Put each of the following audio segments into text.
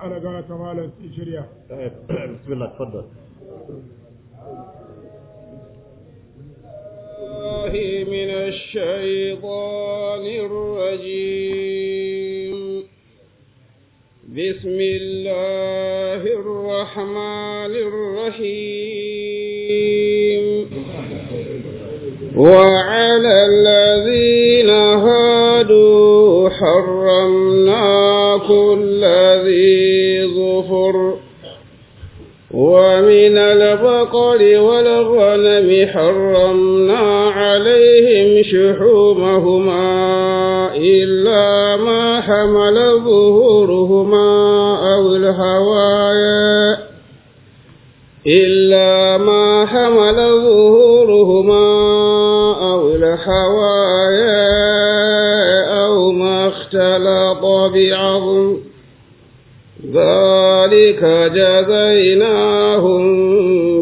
على قولك مالا شريعة طيب، بسم الله تفضل الله من الشيطان الرجيم بسم الله الرحمن الرحيم وعلى الذين هادوا حرمنا كل ذي ظفر ومن البقر والغنم حرمنا عليهم شحومهما إلا ما حمل ظهورهما أو الهوايا إلا ما حمل ظهورهما أو الهوايا اختلط بعض ذلك جزيناهم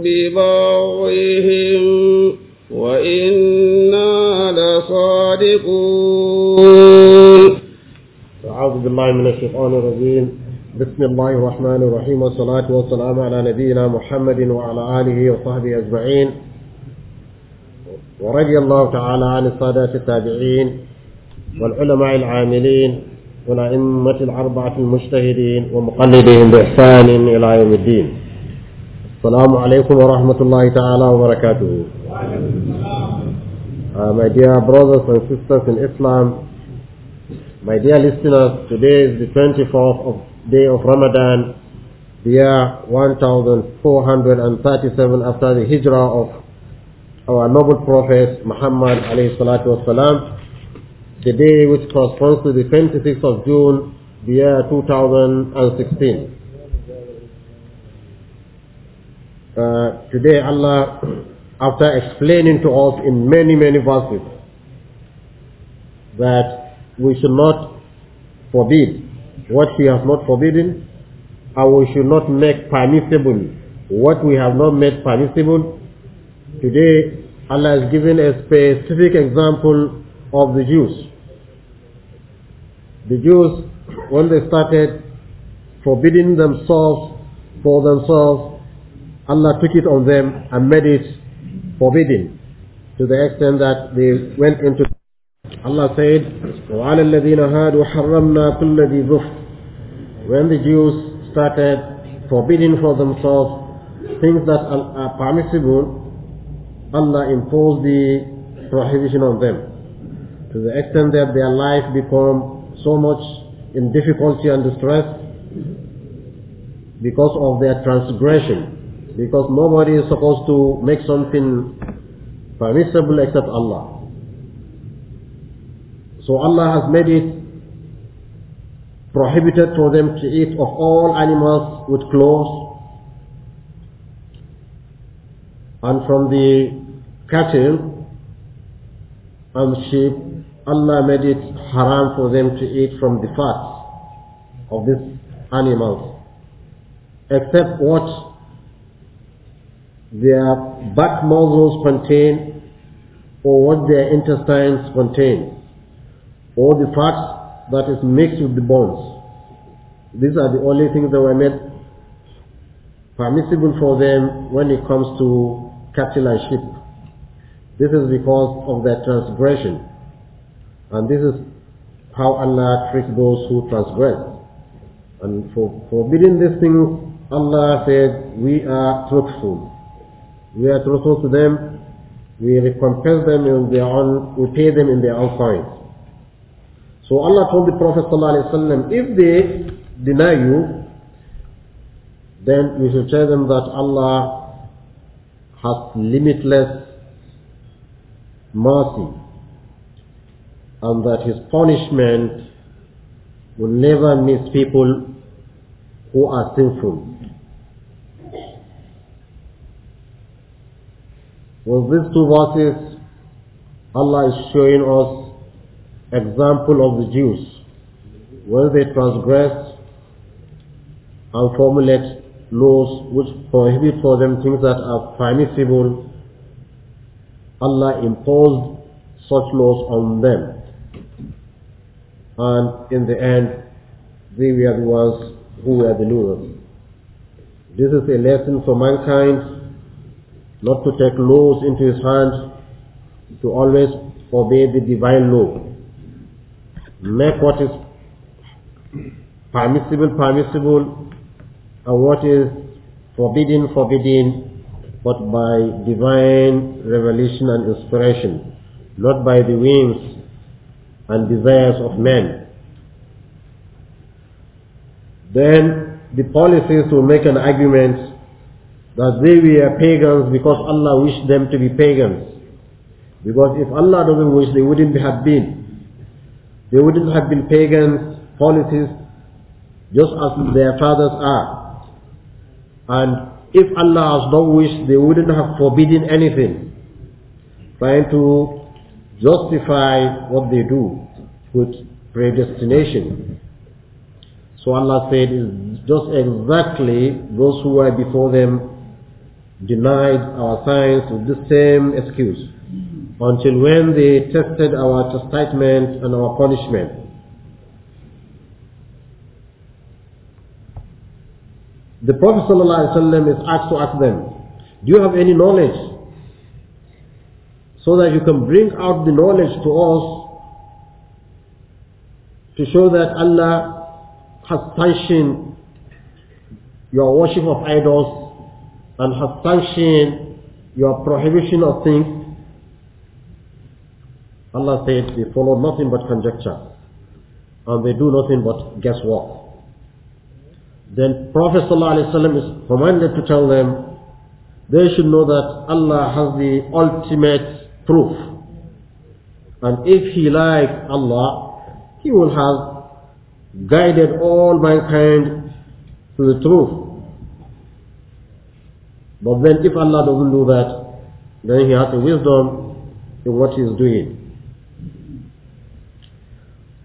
ببغيهم وإنا لصادقون أعوذ بالله من الشيطان الرجيم بسم الله الرحمن الرحيم والصلاة والسلام على نبينا محمد وعلى آله وصحبه أجمعين ورضي الله تعالى عن السادات التابعين والعلماء العاملين والأئمة الأربعة المجتهدين ومقلدهم بإحسان إلى يوم الدين السلام عليكم ورحمة الله تعالى وبركاته uh, My dear brothers and sisters in Islam My dear listeners, today is the 24th of day of Ramadan the year 1437 after the hijrah of our noble prophet Muhammad alayhi salatu wasalam the day which corresponds to the 26th of June, the year 2016. Uh, today Allah, after explaining to us in many, many verses that we should not forbid what He has not forbidden, and we should not make permissible what we have not made permissible, today Allah has given a specific example of the Jews the Jews, when they started forbidding themselves for themselves, Allah took it on them and made it forbidden to the extent that they went into Allah said, وَعَلَى الَّذِينَ هَادُوا حَرَّمْنَا كُلَّ When the Jews started forbidding for themselves things that are permissible, Allah imposed the prohibition on them to the extent that their life became." so much in difficulty and distress because of their transgression. Because nobody is supposed to make something permissible except Allah. So Allah has made it prohibited for them to eat of all animals with claws and from the cattle and sheep Allah made it haram for them to eat from the fat of these animals, except what their back muscles contain or what their intestines contain, or the fat that is mixed with the bones. These are the only things that were made permissible for them when it comes to cattle and sheep. This is because of their transgression. And this is how Allah treats those who transgress. And for forbidding these things, Allah said, we are truthful. We are truthful to them. We recompense them in their own, we pay them in their own signs. So Allah told the Prophet ﷺ, if they deny you, then we should tell them that Allah has limitless mercy and that his punishment will never miss people who are sinful. With these two verses, Allah is showing us example of the Jews when they transgress and formulate laws which prohibit for them things that are permissible. Allah imposed such laws on them and in the end they were the ones who were the losers. This is a lesson for mankind not to take laws into his hands, to always obey the divine law. Make what is permissible permissible and what is forbidden forbidden but by divine revelation and inspiration, not by the whims and desires of men. Then the policies will make an argument that they were pagans because Allah wished them to be pagans. Because if Allah doesn't wish, they wouldn't have been. They wouldn't have been pagans, policies, just as their fathers are. And if Allah has not wished, they wouldn't have forbidden anything, trying to justify what they do with predestination. So Allah said, just exactly those who were before them denied our signs with the same excuse until when they tested our chastisement and our punishment. The Prophet ﷺ is asked to ask them, do you have any knowledge so that you can bring out the knowledge to us to show that Allah has sanctioned your worship of idols and has sanctioned your prohibition of things. Allah said they follow nothing but conjecture and they do nothing but guesswork. Then Prophet ﷺ is commanded to tell them they should know that Allah has the ultimate proof. And if he likes Allah, he will have guided all mankind to the truth. But then if Allah doesn't do that, then he has a wisdom in what he is doing.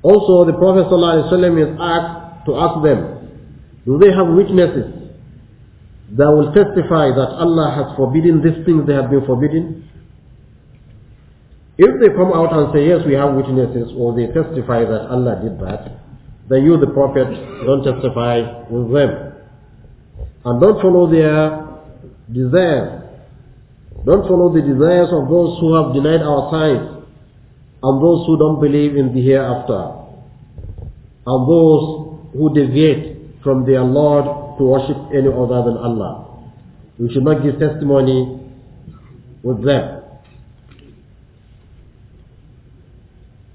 Also, the Prophet ﷺ is asked to ask them, do they have witnesses that will testify that Allah has forbidden these things they have been forbidden? If they come out and say, yes, we have witnesses, or they testify that Allah did that, then you, the Prophet, don't testify with them. And don't follow their desires. Don't follow the desires of those who have denied our signs, and those who don't believe in the hereafter, and those who deviate from their Lord to worship any other than Allah. We should not give testimony with them.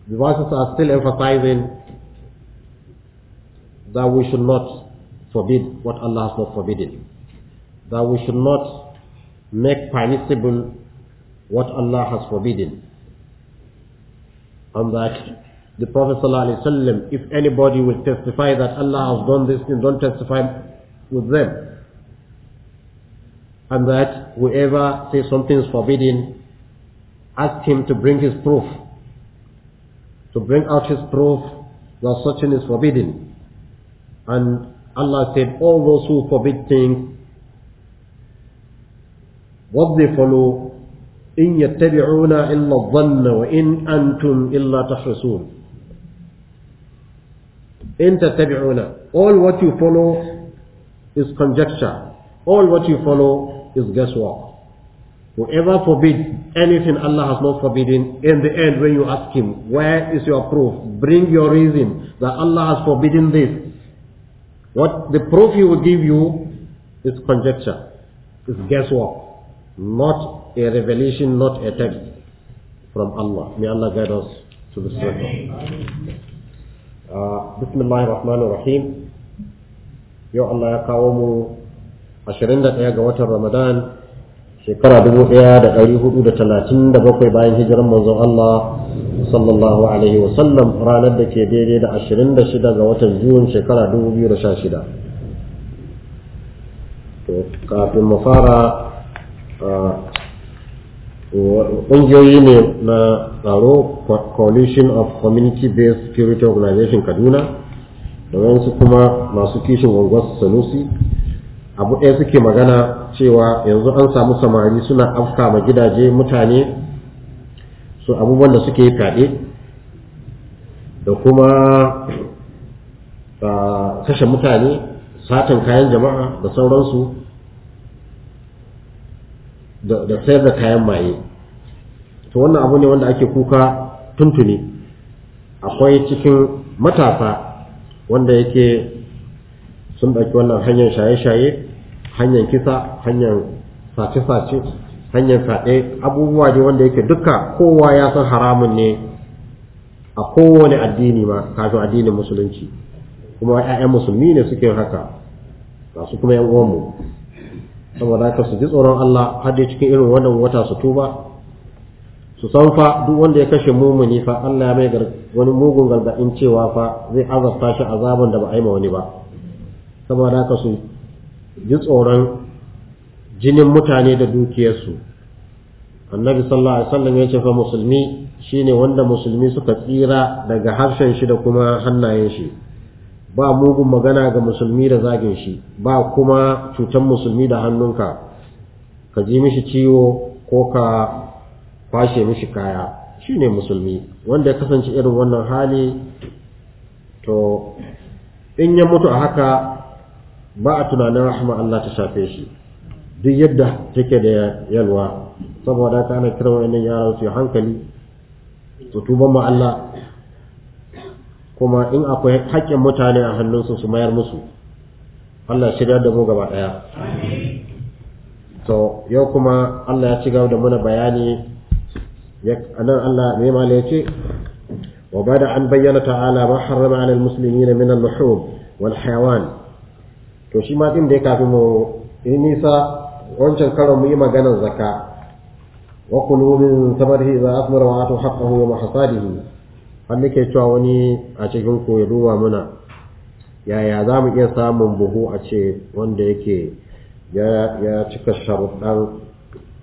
The verses are still emphasizing that we should not forbid what Allah has not forbidden. That we should not make permissible what Allah has forbidden. And that the Prophet ﷺ, if anybody will testify that Allah has done this thing, don't testify with them. And that whoever says something is forbidden, ask him to bring his proof to bring out his proof that such is forbidden. And Allah said, all those who forbid things, what they follow, إن يتبعون إلا الظن وإن أنتم إلا تحرسون إن تتبعون all what you follow is conjecture all what you follow is guesswork Whoever forbids anything Allah has not forbidden, in the end when you ask him, where is your proof? Bring your reason that Allah has forbidden this. What the proof he will give you is conjecture, is guesswork, not a revelation, not a text from Allah. May Allah guide us to the straight Uh, Bismillah ar-Rahman ar-Rahim. Allah ya 21 ga watan Ramadan shekara dubu ɗaya da ɗari hudu da talatin da bakwai bayan hijirar manzon Allah sallallahu alaihi wasallam ranar da ke daidai da ashirin da shida ga watan Jun shekara dubu biyu da sha shida. Kafin mu fara ƙungiyoyi ne na tsaro coalition of community based security organization kaduna da wayansu kuma masu kishin gwangwas sanusi abu ɗaya suke magana cewa yanzu an samu samari suna afka ma gidaje mutane su abubuwan da suke fyaɗe da kuma kashe mutane satan kayan jama'a da sauransu da sayar da kayan maye to wannan abu ne wanda ake kuka tuntuni akwai cikin matasa wanda yake sun ɗauki wannan hanyar shaye-shaye hanyar kisa hanyar sace-sace hanyar saɗe abubuwa ne wanda yake duka kowa ya san haramun ne a kowane addini ba kafin addinin musulunci kuma 'ya'yan musulmi ne suke haka masu kuma 'yan uwanmu saboda haka su ji tsoron Allah har da cikin irin wannan wata su tuba su san fa duk wanda ya kashe mumuni fa Allah ya mai wani mugun gargaɗin cewa fa zai azabta shi azaban da ba a yi ma wani ba saboda haka su ji tsoron jinin mutane da dukiyarsu annabi sallallahu alaihi wasallam ya ce fa musulmi shine wanda musulmi suka tsira daga harshen shi da kuma hannayen shi ba mugun magana ga musulmi da zagin shi ba kuma cutan musulmi da hannunka ka ji mishi ciwo ko ka kwashe mishi kaya shine musulmi wanda ya kasance irin wannan hali to in ya mutu a haka ba a tunanin rahama Allah ta shafe shi duk yadda take da yalwa saboda ka ana kira wa'annan yara su hankali su tuba ma Allah kuma in akwai haƙƙin mutane a hannunsu su mayar musu Allah shirya da mu gaba ɗaya yau kuma Allah ya ci gaba da muna bayani anan Allah mai mala ya ce wa bada an bayyana ta'ala ma harrama alal al-muslimina min al-luhum wal hayawan to shi ma din da ya kafi mu in nisa wancan karon mu yi maganar zakka wa kullu min samarihi za asmara wa atu haqqahu wa hasadihi har nake cewa wani a cikin ku ya duba muna yaya za mu iya samun buhu a ce wanda yake ya cika sharuɗar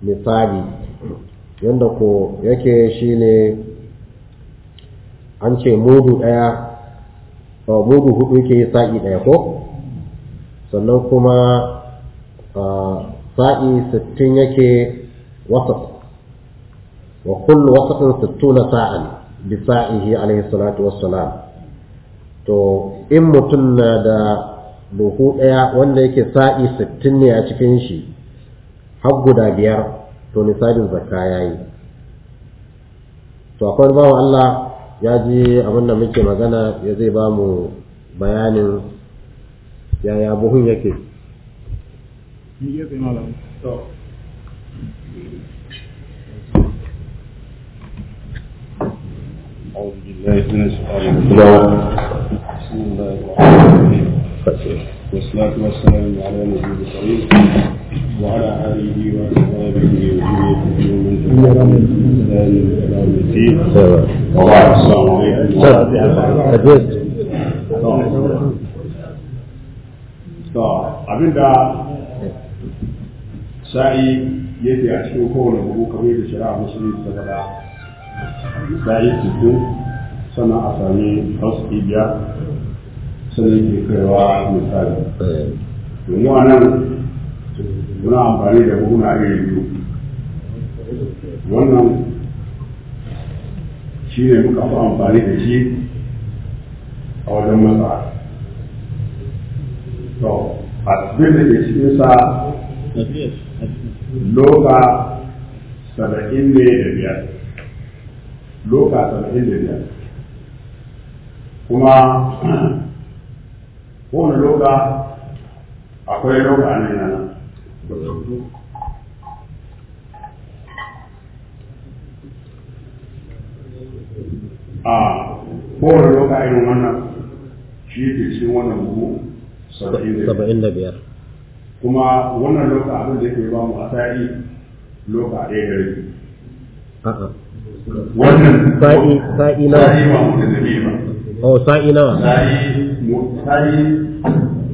misali yadda ko yake shine an ce mudu ɗaya mudu hudu yake yi sa'i ɗaya ko sannan kuma sa'i sittin yake wasat wa kullu wasatin sittuna sa'an bi sa'ihi alaihi salatu wassalam to in mutum na da buhu ɗaya wanda yake sa'i sittin ne a cikin shi har guda biyar to nisabin zakka ya yi to akwai bawa Allah ya ji abin da muke magana ya zai ba mu bayanin يا يا ابو أعوذ بالله من الشيطان بسم الله الرحمن الرحيم والصلاة والسلام على نبينا محمد وعلى آله وأصحابه ومن تبعهم abinda sa'i yake a cikin kowane buhu kamar yadda shari'a musulmi ta faɗa sa'i tuku sannan a sami hausa ibiya sannan ke kaiwa misali domin a nan muna amfani da na iri biyu wannan shi ne muka fi amfani da shi a wajen masara asbir da ke cikin sa loka saba'in ne da biyar loka saba'in da biyar kuma kowane loka akwai loka a nan a ah, kowane loka irin wannan shi ke cikin wannan buhu saba'in da biyar kuma wannan loka abin da yake ba mu asa'i loka ɗaya da rabi wannan sa'i sa'i na sa'i ba mu da zabi ba oh sa'i nawa sa'i mu sa'i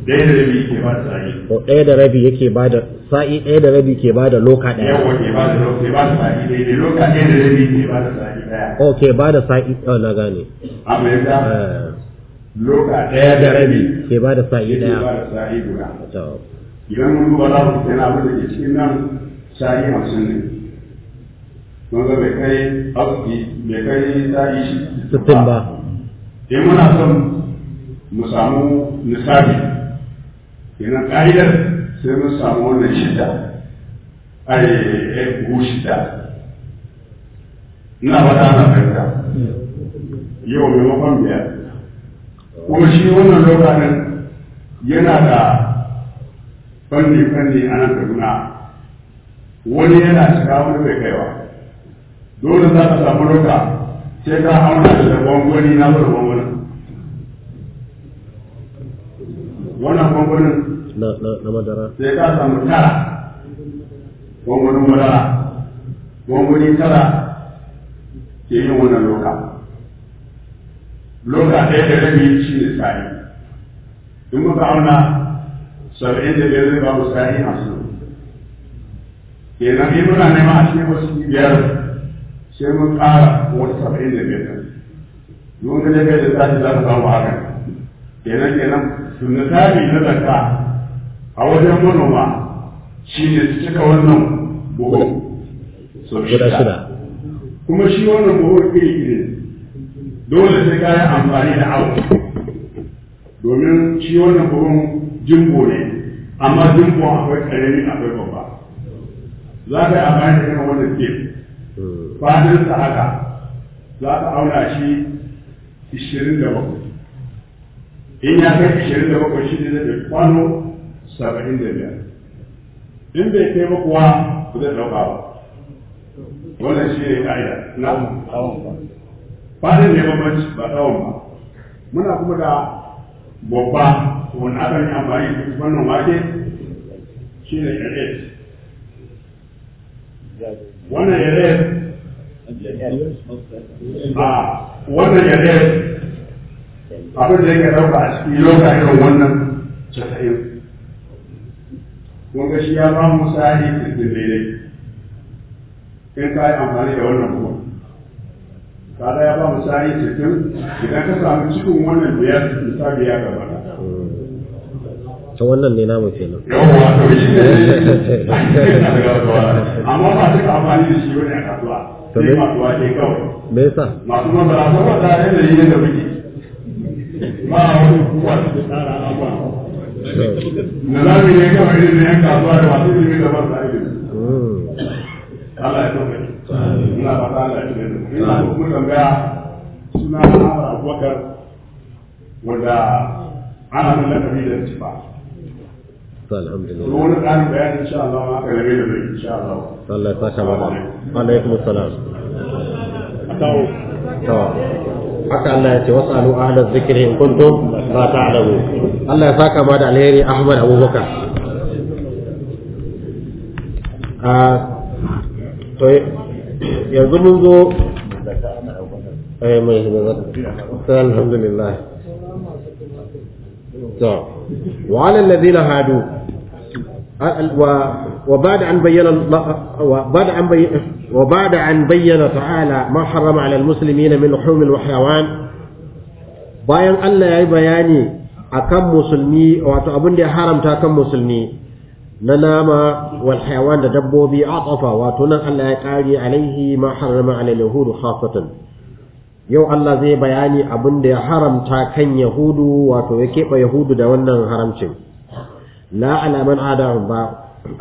ɗaya da rabi ke ba sa'i oh ɗaya da rabi yake ba da sa'i ɗaya da rabi ke ba da loka ɗaya yawa ke ba da loka ba da sa'i ɗaya da loka ɗaya da rabi ke ba da sa'i ɗaya oh ke ba da sa'i oh, na gane amma yadda loka ɗaya da rabi ke ba da sa'i ɗaya ba da sa'i guda idan mun duba za mu tana abin da ke cikin nan sa'i hamsin ne don ga bai kai aski bai kai sa'i sittin ba in muna son mu samu nisabi idan ƙa'idar sai mun samu wannan shida ai ku eh, shida ina fata ana fahimta hmm. yau maimakon biyar kuma shi wannan lauka nan yana da fanni-fanni a nan kaduna wani yana shiga wani bai kaiwa dole za ka samu lauka sai ka auna da rabon wani na rabon wani wannan gwangwanin na madara sai ka samu tara gwangwanin madara gwangwani tara ke yin wannan lokacin. loka ɗaya da rabi shi ne sa'i in muka auna saba'in da biyar zai ba mu sa'i masu kenan yi muna nema a cikin wasu biyar sai mun ƙara wata saba'in da biyar mun da dai da tsari za ka samu haka kenan kenan sunna tsari na zakka a wajen manoma shi ne su cika wannan buhu so shida kuma shi wannan buhu iri ne. dole sai ka yi amfani da awo domin shi wannan kurun jimbo ne amma jimbo akwai karami akwai babba za ka yi amfani da kama wannan ke fadin sa haka za ka auna shi 27 in ya kai 27 shi ne zai kwano 75 da biyar in bai kai makuwa kuwa zai ɗauka ba wannan shi ne ka'ida na fadin ne bambanci ba tsawon ba muna kuma da babba wani akan yi amfani da wannan wake shi ne yare wannan yare a wannan yare abin da yake raba a cikin yoga irin wannan casa'in wanga shi ya ba mu sahi da daidai in ka yi amfani da wannan kuma kada ya ba mu sa'i sittin idan ka samu cikin wannan biyar misali ya gaba ta wannan ne namu kenan amma ba su amfani da shi wani a kasuwa sai masu wake kawai me yasa masu mabara saboda yanayi ne da muke ba a wani kuwa da tsara abuwa na zamu ne kawai da yan kasuwa da masu ilimin da ba su aiki hmm. Allah ya الله يبارك نعم. فيك ان شاء الله وعليكم السلام طيب. طيب. حتى الله يأتي واسألوا أهل الذكر إن كنتم لا تعلمون الله يفاك بعد الهيري أحمد أبو بكر آه. طيب يعني منذ الحمد لله وعلى الذين هادوا وبعد ان بين وبعد ان وبعد ان بين تعالى ما حرم على المسلمين من لحوم الحيوان باين الله يا بياني akan muslimi wato abin da ya haramta kan na nama wal hayawan da dabbobi tsofa wato nan Allah ya kare alaihi ma harrama ala yahudu khasatan yau Allah zai bayani abin da ya haramta kan yahudu wato ya keɓe yahudu da wannan haramcin la alama'n man adam ba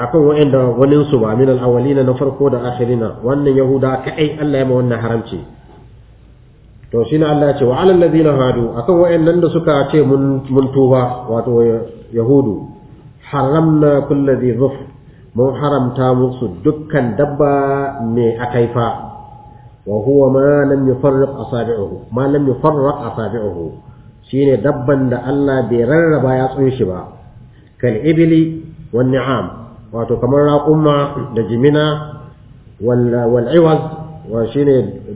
akan wa'anda wanin su ba min al na farko da akhirina wannan yahuda kai Allah ya ma wannan haramci to shi Allah ya ce wa alal ladina hadu akan wayannan da suka ce mun mun tuba wato yahudu na kulla zai mun haramta musu dukkan dabba mai akaifa wa huwa ma lam yufarriq asabi'uhu ma lam yufarriq asabi'uhu shine dabban da Allah bai rarraba ya tsun shi ba kal ibli wan ni'am wato kamar raqumma da jimina wal wal iwaz wa shine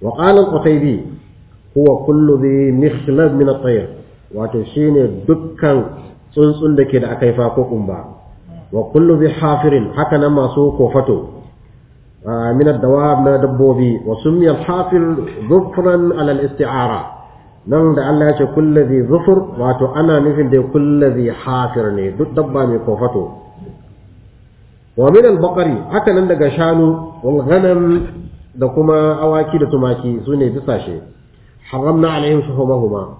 kuma ita huwa kullu dhi mikhlab min at-tayr wato shine dukkan tsuntsun da ke da akaifa ko kumba wa kullu dhi hafirin haka nan masu kofato ah, min ad-dawab na dabbobi wa sumiya al-hafir dhufran ala al-isti'ara nan da Allah ya ce kullu dhi dhufr wato ana nufin da kullu dhi hafir ne duk dabba mai kofato wa min al-baqari haka nan daga shanu wal ghanam da kuma awaki da tumaki sune bisashe haramna alaihim shuhumahuma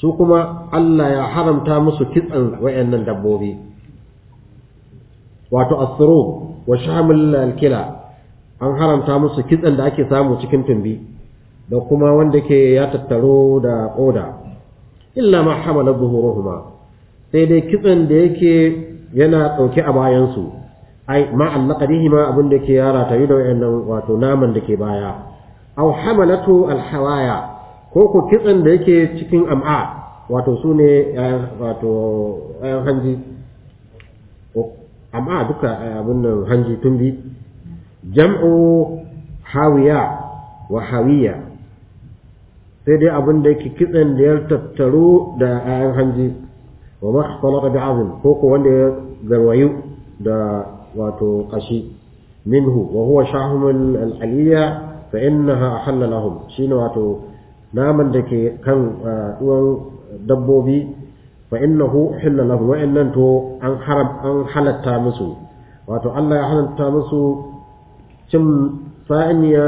su kuma Allah ya haramta musu kitson wayannan dabbobi wato Astro wa shamil alkila an haramta musu kitson da ake samu cikin tumbi da kuma wanda ke ya tattaro da oda, illa ma hamala zuhuruhuma sai dai kitson da yake yana dauke a bayansu, su ai ma ma abin da ke yara ta yi da wayannan wato naman da ke baya aw hamalatu alhawaya ko ku kitsen da yake cikin am'a wato su ne wato ayan hanji am'a duka eh, abin nan hanji tumbi jam'u hawiya wa hawiya sai dai abin da yake kitsen da ya tattaru da ayan hanji wa ma khalaqa bi'azm ko ku wanda ya garwayu da wato kashi minhu wa huwa shahmul al-aliyya fa innaha ahalla lahum shine wato naman da ke kan ah, uwan dabbobi fa innahu hilla lahu wa innan to an haram an halatta musu wato Allah ya halatta musu cin saniya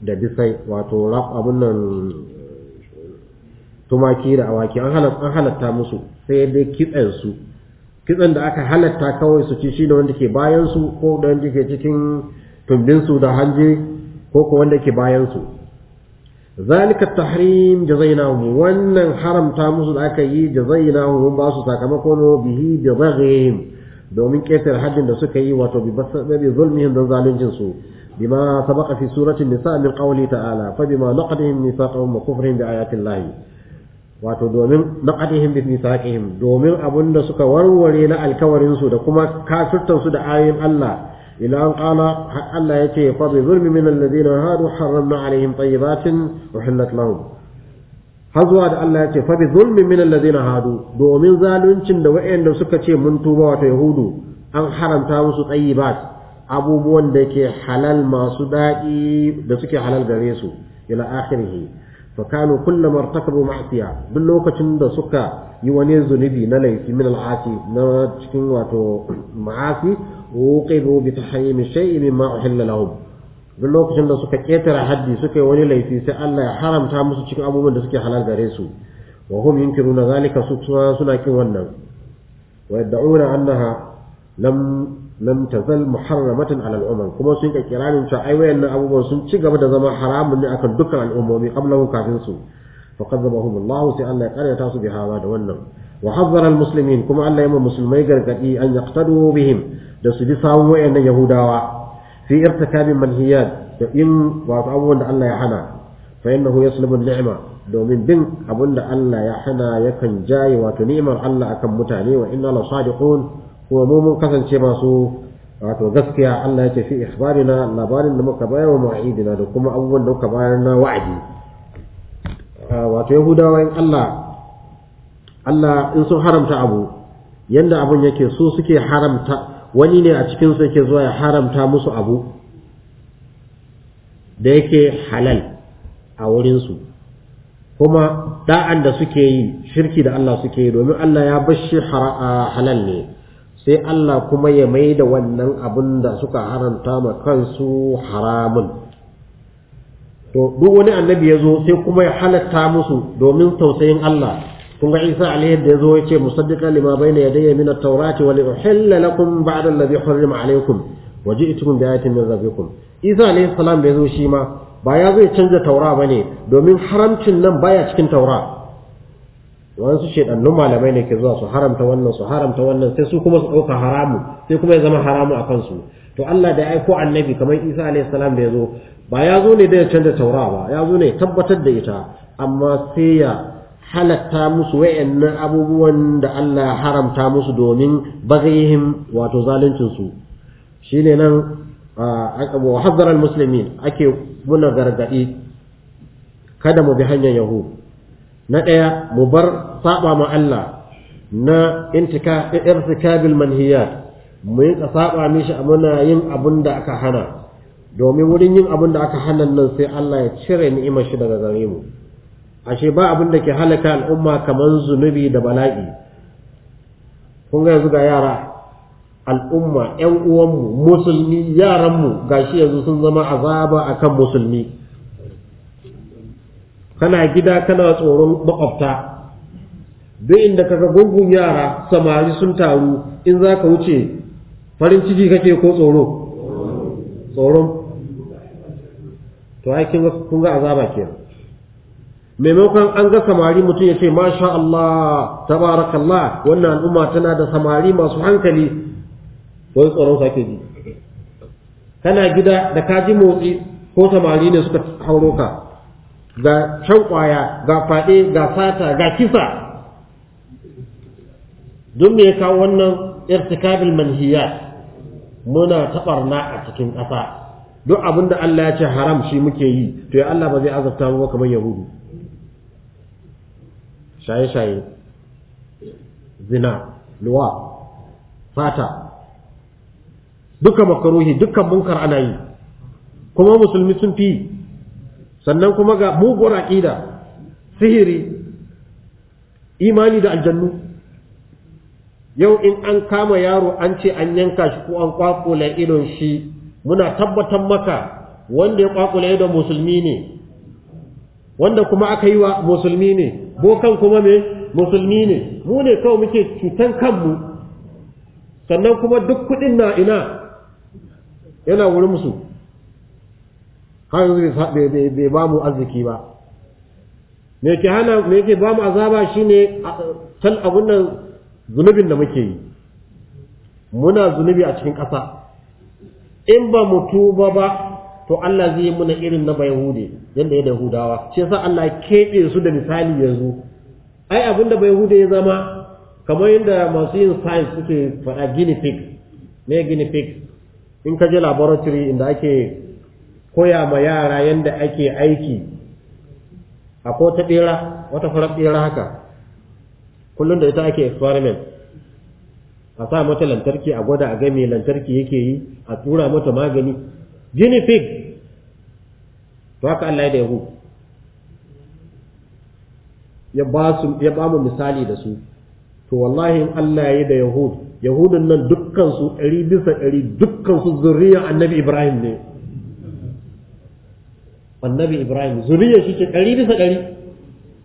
da bisai wato rab abun nan tumaki da awaki an halatta musu sai dai kitsen su kitsen da aka halatta kawai su ci shine wanda ke bayan su ko da wanda ke cikin tumbin su da hanji ko ko wanda ke bayan su zalika tahrim jazainahum wannan haramta musu da aka yi jazainahum mun ba su sakamako bihi bi baghihim domin ƙetar haddin da suka yi wato bi basabi zulmihim don zaluncin su bima sabaqa fi surati nisa min qawli ta'ala fa bima naqdihim mithaqahum wa kufrihim bi ayati llahi wato domin naqadihim bi mithaqihim domin abinda suka warware na alkawarin su da kuma kafirtan su da ayoyin Allah إلى أن قال ألا يتي فبظلم من الذين هادوا حرمنا عليهم طيبات وحلت لهم hazuwa da Allah ya ce fa bi zulmin min alladhina hadu domin zaluncin da waɗanda suka ce mun tuba wato yahudu an haramta musu tayyibat abubuwan da ke halal masu daɗi da suke halal gare su ila akhirih fa kanu kullama irtakabu ma'siya duk lokacin da suka yi wani zunubi na laifi min al'asi na cikin wato ma'asi uqibu bi tahrimi shay'in mimma uhilla lahum duk lokacin da suka ketare haddi suka yi wani laifi sai Allah ya haramta musu cikin abubuwan da suke halar gare su wa hum yunkiruna zalika suna kin wannan wa yad'una annaha lam lam tazal muharramatan ala al kuma sun ka kiranin cewa ai abubuwan sun ci gaba da zama haramun ne akan duka al'ummomi qablahu kafin su فقذبهم الله سي الله قال تاسو بهذا ونم وحذر المسلمين كما الله يم مسلمي غرغدي ان يقتدوا بهم da su bi sawun wayannan yahudawa fi irtikabi manhiyan da in wato abubuwan da Allah ya hana fa innahu yaslubu ni'ma domin bin abun da Allah ya hana yakan jaye wato ni'mar Allah akan mutane wa inna la sadiqun kuma mu mun kasance masu wato gaskiya Allah ya ce fi ikhbarina labarin da muka bayar wa mu'idina da kuma abubuwan da muka bayar na wa'adi ah, wato yahudawa in Allah Allah in sun haramta abu yanda abun yake su suke haramta wani ne a cikin su yake zuwa ya haramta musu abu da yake halal a wurinsu. kuma da'an da suke yi shirki da Allah suke yi domin Allah ya bashi halal ne sai Allah kuma ya mai da wannan abun da suka haramta ma kansu haramun to duk wani annabi ya zo sai kuma ya halatta musu domin tausayin Allah kun ga Isa alayhi da yazo yace musaddiqan lima bayna yadayya min at-taurati wa li uhilla lakum ba'da alladhi harrama alaykum wa ji'tum bi ayatin min rabbikum Isa alayhi salam da yazo shi ma ba ya ya canza taura bane domin haramcin nan baya cikin taura wasu shedannun malamai ne ke zuwa su haramta wannan su haramta wannan sai su kuma su ɗauka haramu sai kuma ya zama haramu a kansu to Allah da ya aiko annabi kamar Isa alayhi salam da ya zo ba ya zo ne da ya canza taura ba ya zo ne tabbatar da ita amma sai ya halatta musu wayannan abubuwan da Allah haramta musu domin baghihim wato zaluncinsu. Shi shine nan wa hazzara ake muna gargaɗi kada mu bi hanyar Yahu. na ɗaya mu bar saba ma Allah na intika irtikabil manhiyat mu yi saba mishi muna yin abin da aka hana domin wurin yin abin da aka hana nan sai Allah ya cire ni'imar shi daga gare mu ashe ba abin da ke halaka al'umma kamar zunubi da bala'i kun ga yanzu ga yara al'umma ‘yan uwanmu musulmi yaranmu gashi yanzu sun zama azaba akan musulmi kana gida kana tsoron makwabta duk inda kaga gungun yara samari sun taru in za ka wuce farin ciki kake ko tsoro tsoron to ai kun ga azaba kenan maimakon an ga samari mutum ya ce masha Allah tabarakallah wannan al'umma tana da samari masu hankali wai tsoron sake ji kana gida da kaji motsi ko samari ne suka hauro ka ga shan kwaya ga faɗe ga sata ga kisa don me ya kawo wannan irtikabil manhiya muna taɓarna a cikin ƙasa duk abin da Allah ya ce haram shi muke yi to ya Allah ba zai azabta mu kamar yahudu shaye-shaye zina luwa fata duka makaruhi dukkan munkar ana yi kuma musulmi sun fi sannan kuma ga muguwar aƙida sihiri imani da aljannu yau in an kama yaro an ce an yanka shi ko an kwakula idon shi muna tabbatar maka wanda ya kwakula idon musulmi ne wanda kuma aka yi wa musulmi ne bokan kuma me musulmi ne mu ne kawai muke cutan kanmu sannan kuma duk kuɗin na ina yana wurin musu har bai ba mu arziki ba me ke hana me ke ba mu azaba shine tal abin nan zunubin da muke yi muna zunubi a cikin ƙasa in ba mu tuba ba to Allah zai yi muna irin na Bayahudi yadda ya da Yahudawa shi yasa Allah keɓe su da misali yanzu ai abinda da bai Yahuda ya zama kamar yadda masu yin science suke faɗa guinea pig me guinea pig in ka je laboratory inda ake koya ma yara yadda ake aiki a ko ta ɓera wata farar ɓera haka kullum da ita ake experiment a sa mata lantarki a gwada a ga me lantarki yake yi a tura mata magani guinea pig to haka Allah ya da yahu ya ba su ya ba mu misali da su to wallahi in Allah ya da yahud yahudun nan dukkan su ɗari bisa ɗari dukkan su zuriyar annabi Ibrahim ne annabi Ibrahim zuriyar shi ce ɗari bisa ɗari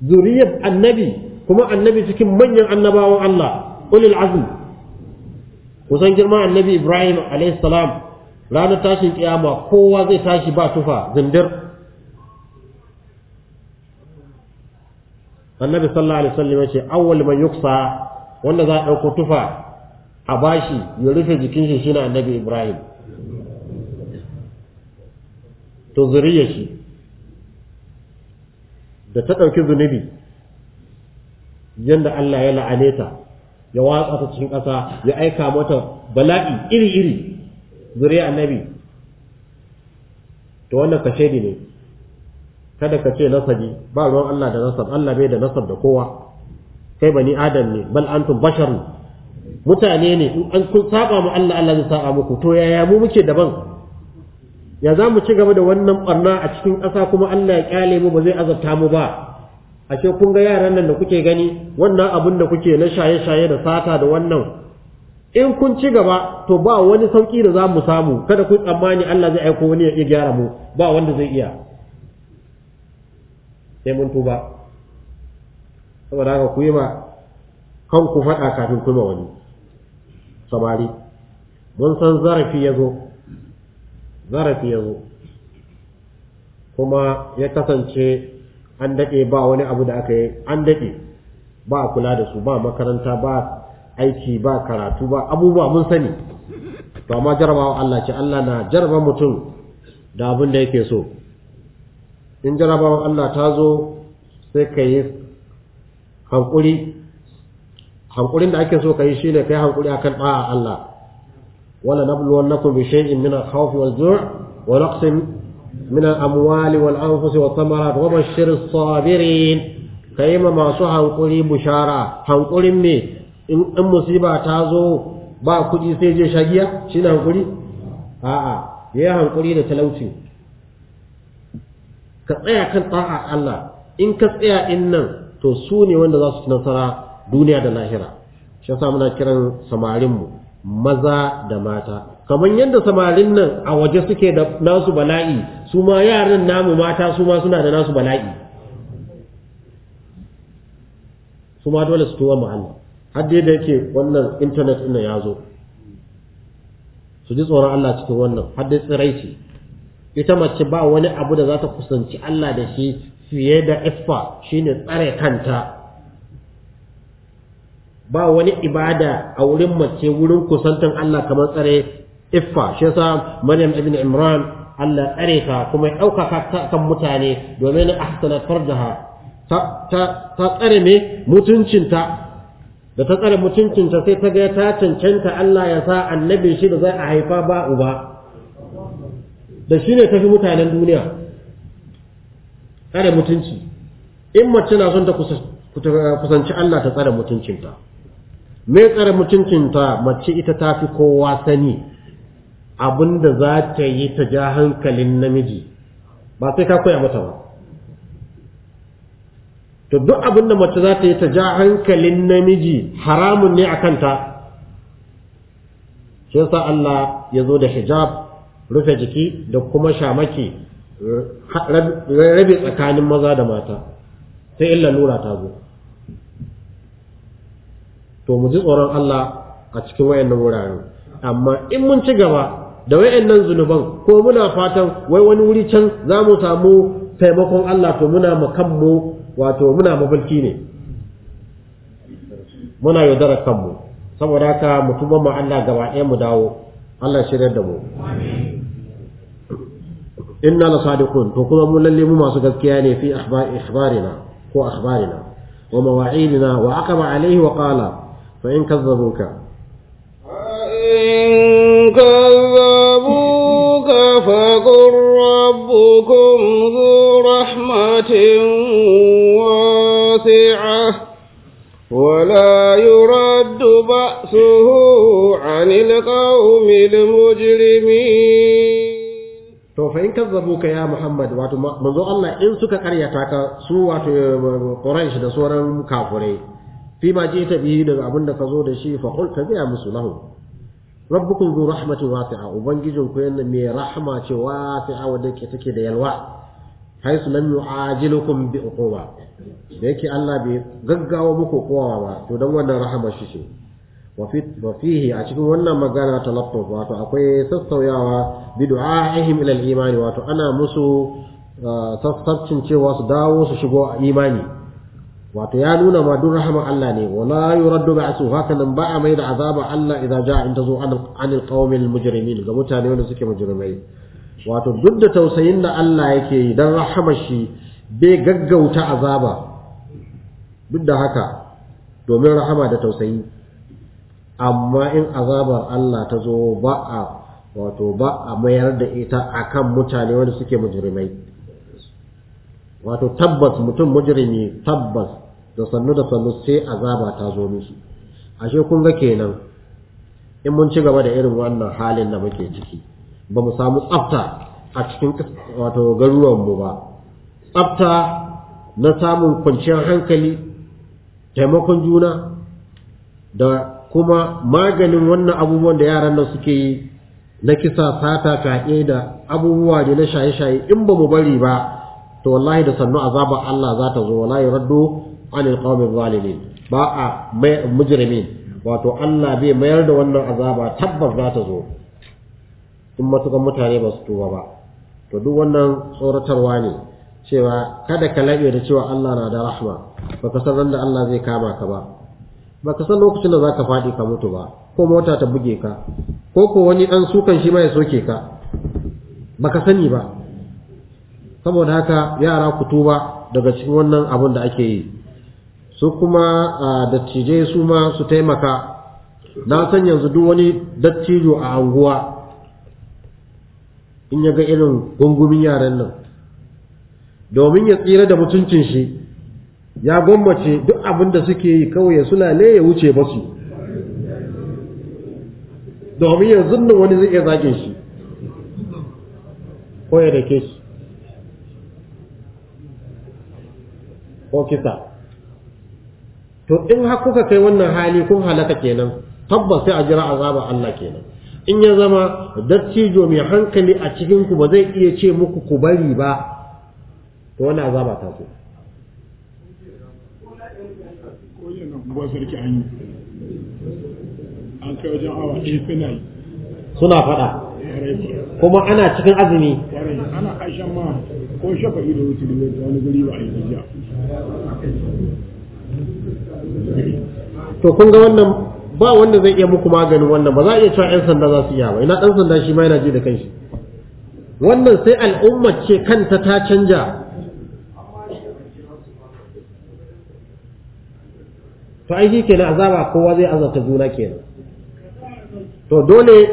zuriyar annabi kuma annabi cikin manyan annabawan Allah ulil azm kusan girma annabi Ibrahim alayhi salam ranar tashin kiyama kowa zai tashi ba tufa zindir annabi sallallahu alaihi wasallam yace awwal man yuksa wanda za a dauko tufa a bashi ya rufe jikin shi shine annabi ibrahim to zuriya shi da ta dauki zunubi yanda Allah ya la'ane ya watsa ta cikin ƙasa ya aika mata bala'i iri iri zuriya annabi to wannan kashe ne kada ka ce nasabi ba ruwan Allah da nasab Allah bai da nasab da kowa kai bani adam ne bal antum basharun mutane ne in an kun saba mu Allah Allah zai saba muku to yaya mu muke daban ya za mu ci gaba da wannan barna a cikin ƙasa kuma Allah ya kyale mu ba zai azabta mu ba ashe kun ga yaran nan da kuke gani wannan abun da kuke na shaye-shaye da sata da wannan in kun ci gaba to ba wani sauki da za mu samu kada ku tsammani Allah zai aiko wani ya gyara mu ba wanda zai iya sai mun tuba saboda haka ku yi ma kanku faɗa kafin ku ma wani samari mun san zarafi ya zo zarafi ya zo kuma ya kasance an daɗe ba wani abu da aka yi an daɗe ba kula da su ba makaranta ba aiki ba karatu ba abubuwa mun sani to amma jarabawa Allah ce Allah na jarba mutum da abin da yake so in jarabawan Allah ta zo sai ka yi hankuri hankurin da ake so ka yi shine kai hankuri akan da'a Allah wala nabluwannakum bi shay'in min al-khawfi wal-ju' wa naqsin min al-amwali wal-anfusi wath-thamarati wa bashshiris sabirin ka yi ma masu hankuri bushara hankurin me in musiba ta zo ba kuɗi sai je shagiya ne hankuri a'a Ya yi hankuri da talauci ka tsaya kan ta'a Allah in ka tsaya in nan to su ne wanda za su ci nasara duniya da lahira shi yasa muna kiran samarin mu maza da mata kamar yadda samarin nan a waje suke da nasu bala'i su ma yaran namu mata su ma suna da nasu bala'i su ma dole su tuwa muhalli. har dai da yake wannan internet ina ya zo su ji tsoron Allah cikin wannan har dai ce. ita mace ba wani abu da za ta kusanci Allah da shi fiye da iffa shine tsare kanta ba wani ibada a wurin mace wurin kusantan Allah kamar tsare iffa shi yasa Maryam ibn Imran Allah tsare ka kuma ya ɗauka kan mutane domin ahsana farjaha ta ta tsare me mutuncinta da ta tsare mutuncinta sai ta ga ta cancanta Allah ya sa annabi shi da zai a haifa ba uba da shi ne tafi mutanen duniya tsare mutunci in mace na son ta kusanci Allah ta tsare mutuncinta mai tsare mutuncinta mace ita ta fi kowa sani abinda za ta yi ta ja hankalin namiji ba sai ka koya mata ba to duk abinda mace za ta yi ta ja hankalin namiji haramun ne a kanta shi yasa Allah ya zo da hijab rufe jiki da kuma shamaki rabe tsakanin maza da mata sai illa lura ta zo to mu ji tsoron Allah a cikin wayannan wuraren amma in mun ci gaba da wayannan zunuban ko muna fatan wai wani wuri can za mu samu taimakon Allah to muna makanmu wato muna mabulki ne muna yaudara kanmu saboda haka mutumin mu Allah gaba ɗaya mu dawo Allah shirya da mu amin إنا لصادقون تقولوا للي مما سكتكياني في إخبارنا هو أخبارنا ومواعيدنا وعقب عليه وقال فإن كذبوك فإن كذبوك فقل ربكم ذو رحمة واسعة ولا يرد بأسه عن القوم المجرمين to fa in ka ya muhammad wato manzo Allah in suka karyata ka su wato eh, quraish da sauran kafirai fi ma ji ta bihi daga abin da ka zo da shi fa qul ka biya musu lahu rabbukum zu rahmatin wasi'a ubangijin ku yana mai rahma ce wasi'a wanda ke take da yalwa haisu lam yu'ajilukum bi uquba da yake Allah bai gaggawa muku kowa ba to dan wannan rahama shi ce wafihi a cikin wannan magana talaffuf wato akwai sassauyawa bid'a'ihim ila al-imani wato ana musu uh, sassabcin cewa su dawo su shigo imani wato ya nuna ma duk rahama Allah ne wala yuraddu ba'su haka nan ba a mai da azaba Allah idan ja'a in ta zo al-qawmi al-mujrimin ga mutane wanda suke mujrimai wato duk da tausayin da Allah yake yi dan rahama shi bai gaggauta azaba duk da haka domin rahama da tausayi amma in azabar Allah ta zo ba a wato ba a mayar da ita akan mutane wanda suke mujrimai wato tabbas mutum mujrimi tabbas da sannu da sannu sai azaba ta zo musu ashe kun ga kenan in mun ci gaba da irin wannan halin da muke ciki ba mu samu tsafta a cikin wato mu ba tsafta na samun kwanciyar hankali taimakon juna da kuma maganin wannan abubuwan da yaran nan suke yi na kisa sata ka da abubuwa da na shaye-shaye in ba mu bari ba to wallahi da sannu azaba Allah za ta zo wala raddo anil qawmi zalimin ba a mujrimin wato Allah bai mayar da wannan azaba tabbas za ta zo in matukan mutane ba su tuba ba to duk wannan tsoratarwa ne cewa kada ka labe da cewa Allah na da rahma baka san da Allah zai kama ka ba baka san lokacin da zaka faɗi ka mutu ba ko mota ta buge ka ko ko wani ɗan sukan shi ma ya soke ka baka sani ba saboda haka yara ku tuba daga cikin wannan abun da ake yi su kuma dattijai su ma su taimaka na san yanzu duk wani dattijo a anguwa in ya ga irin gungumin yaran nan domin ya tsira da mutuncin shi ya gwammace duk abin da suke yi kawai ya sulale ya wuce basu domin ya wani zai iya zage shi ko ya dake shi ko kisa to in har kuka kai wannan hali kun halaka kenan tabbas sai a jira azaba Allah kenan in ya zama dattijo mai hankali a cikinku ba zai iya ce muku ku bari ba to wannan azaba ta zo. unguwar sarki an yi an kai wajen awa ɗaya suna suna faɗa kuma ana cikin azumi ana ma ko shafa ido wuce da wani guri ba a yi to kun ga wannan ba wanda zai iya muku maganin wannan ba za a iya cewa 'yan sanda za su iya ba ina dan sanda shi ma yana ji da kanshi wannan sai al'ummar ce kanta ta canja to ai shi kenan azaba kowa zai azata juna kenan to dole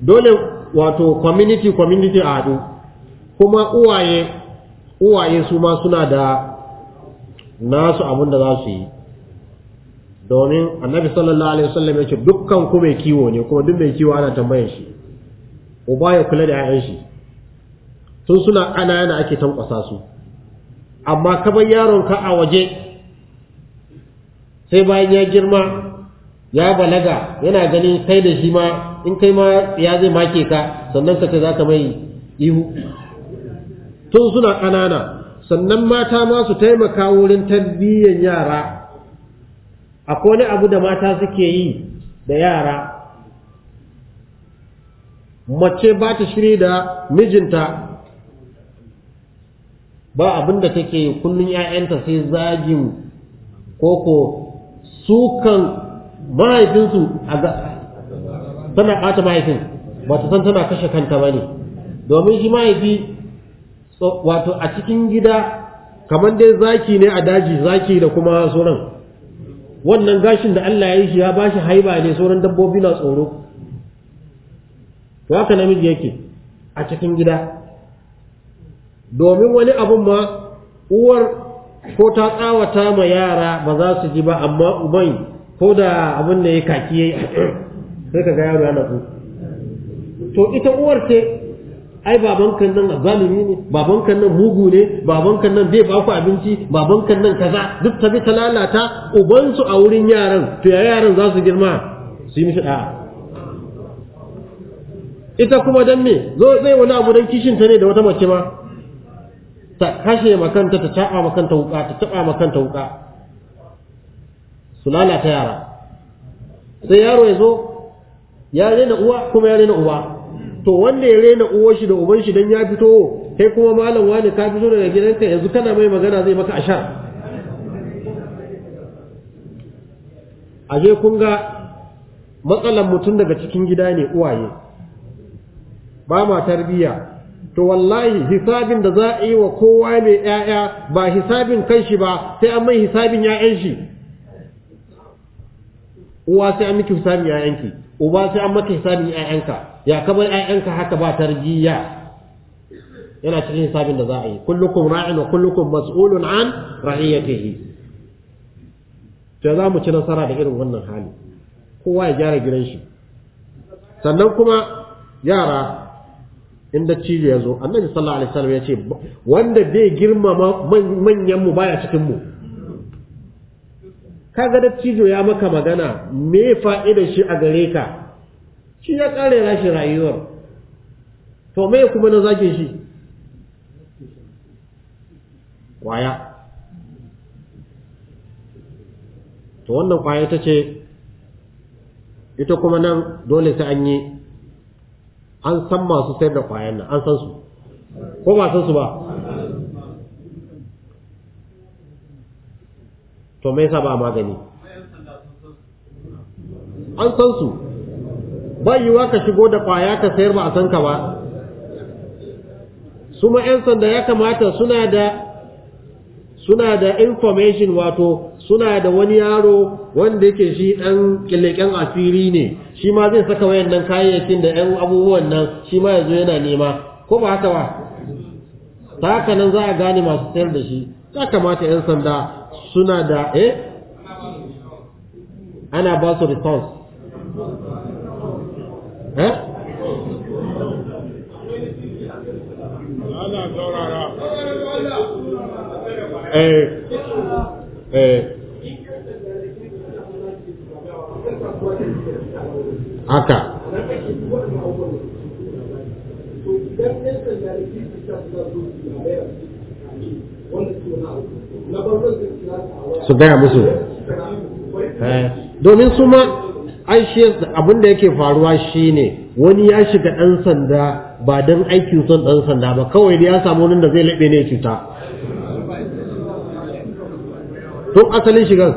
dole wato community community a haɗu kuma uwaye uwaye su ma suna da nasu abin da za su yi domin annabi sallallahu alaihi wasallam ya ce dukkan ku mai kiwo ne kuma duk mai kiwo ana tambayar shi uba ya kula da 'ya'yan shi tun suna yana ake tankwasa su amma ka bar yaron ka a waje sai bayan ya girma ya balaga yana ganin kai da shi ma in kai ma ya zai make ka sannan ka ce za ka mai ihu tun suna ƙanana sannan mata ma su taimaka wurin tarbiyyar yara akwai wani abu da mata suke yi da yara mace ba ta shiri da mijinta ba abinda da take kullum ‘ya'yanta sai zagin koko su kan mahaifinsu a ga tana ɓata mahaifin ba ta san tana kashe kanta ba ne domin shi mahaifi wato a cikin gida kamar dai zaki ne a daji zaki da kuma sauran wannan gashin da Allah ya yi shi ya bashi haiba ne sauran dabbobi na tsoro to haka namiji yake a cikin gida domin wani abun ma uwar ko ta tsawata ma yara ba za su ji ba amma uban ko da abin da ya kaki ya yayi sai ka ga yaro yana ku to ita uwar ce ai baban kan nan zalimi ne baban kan nan mugu ne baban kan nan bai ba ku abinci baban kan nan kaza duk ta bi ta lalata uban su a wurin yaran to ya yaran za su girma su yi mishi da'a ita kuma dan me zo zai wani abu dan kishin ta ne da wata mace ma ta kashe makanta ta caba makanta wuka ta taba makanta wuka su lalata yara sai yaro ya zo ya rena uwa kuma ya rena uba to wanda ya rena uwar shi da uban shi dan ya fito kai kuma malam wani ka fito daga gidanka yanzu kana mai magana zai maka ashar aje kun ga matsalan mutum daga cikin gida ne uwaye ba ma tarbiyya to wallahi hisabin da za a yi wa kowa mai ƴaƴa ba hisabin kan shi ba sai an mai hisabin ƴaƴan shi uwa sai an miki hisabin ki. uba sai an maka hisabin ka. ya kamar ka haka ba tarjiya? yana cikin hisabin da za a yi kullukum ra'in wa kullukum mas'ulun an ra'iyatihi to za mu ci nasara da irin wannan hali kowa ya gyara gidan shi sannan kuma yara in dattijo ya zo annabi sallallahu alaihi wasallam ya ce wanda bai girmama manyan mu baya cikin mu kaga dattijo ya maka magana me fa'ida shi a gare ka shi ya kare rashin rayuwar to me kuma na zake shi kwaya to wannan kwaya ta ce ita kuma nan dole ta anyi. an san masu sayar da kwayan nan an san su ko ba san su ba to me yasa ba magani an san su ba yiwa ka shigo da kwaya ka sayar ba a san ka ba su ma 'yan sanda ya kamata suna da suna da information wato suna da wani yaro wanda yake shi ɗan ƙileƙen asiri ne shi ma zai saka wayannan kayayyakin da yan abubuwan nan shi ma yazo yana nema ko ba haka ba ta haka nan za a gane masu sayar da shi ya kamata yan sanda suna da eh ana ba su response eh eh, eh. haka su gaya musu eh. domin su ma ai shi abin da yake faruwa shine wani ya shiga ɗan sanda ba don aikin son ɗan sanda ba kawai da ya samu wani da zai laɓe ne cuta tun asalin shigan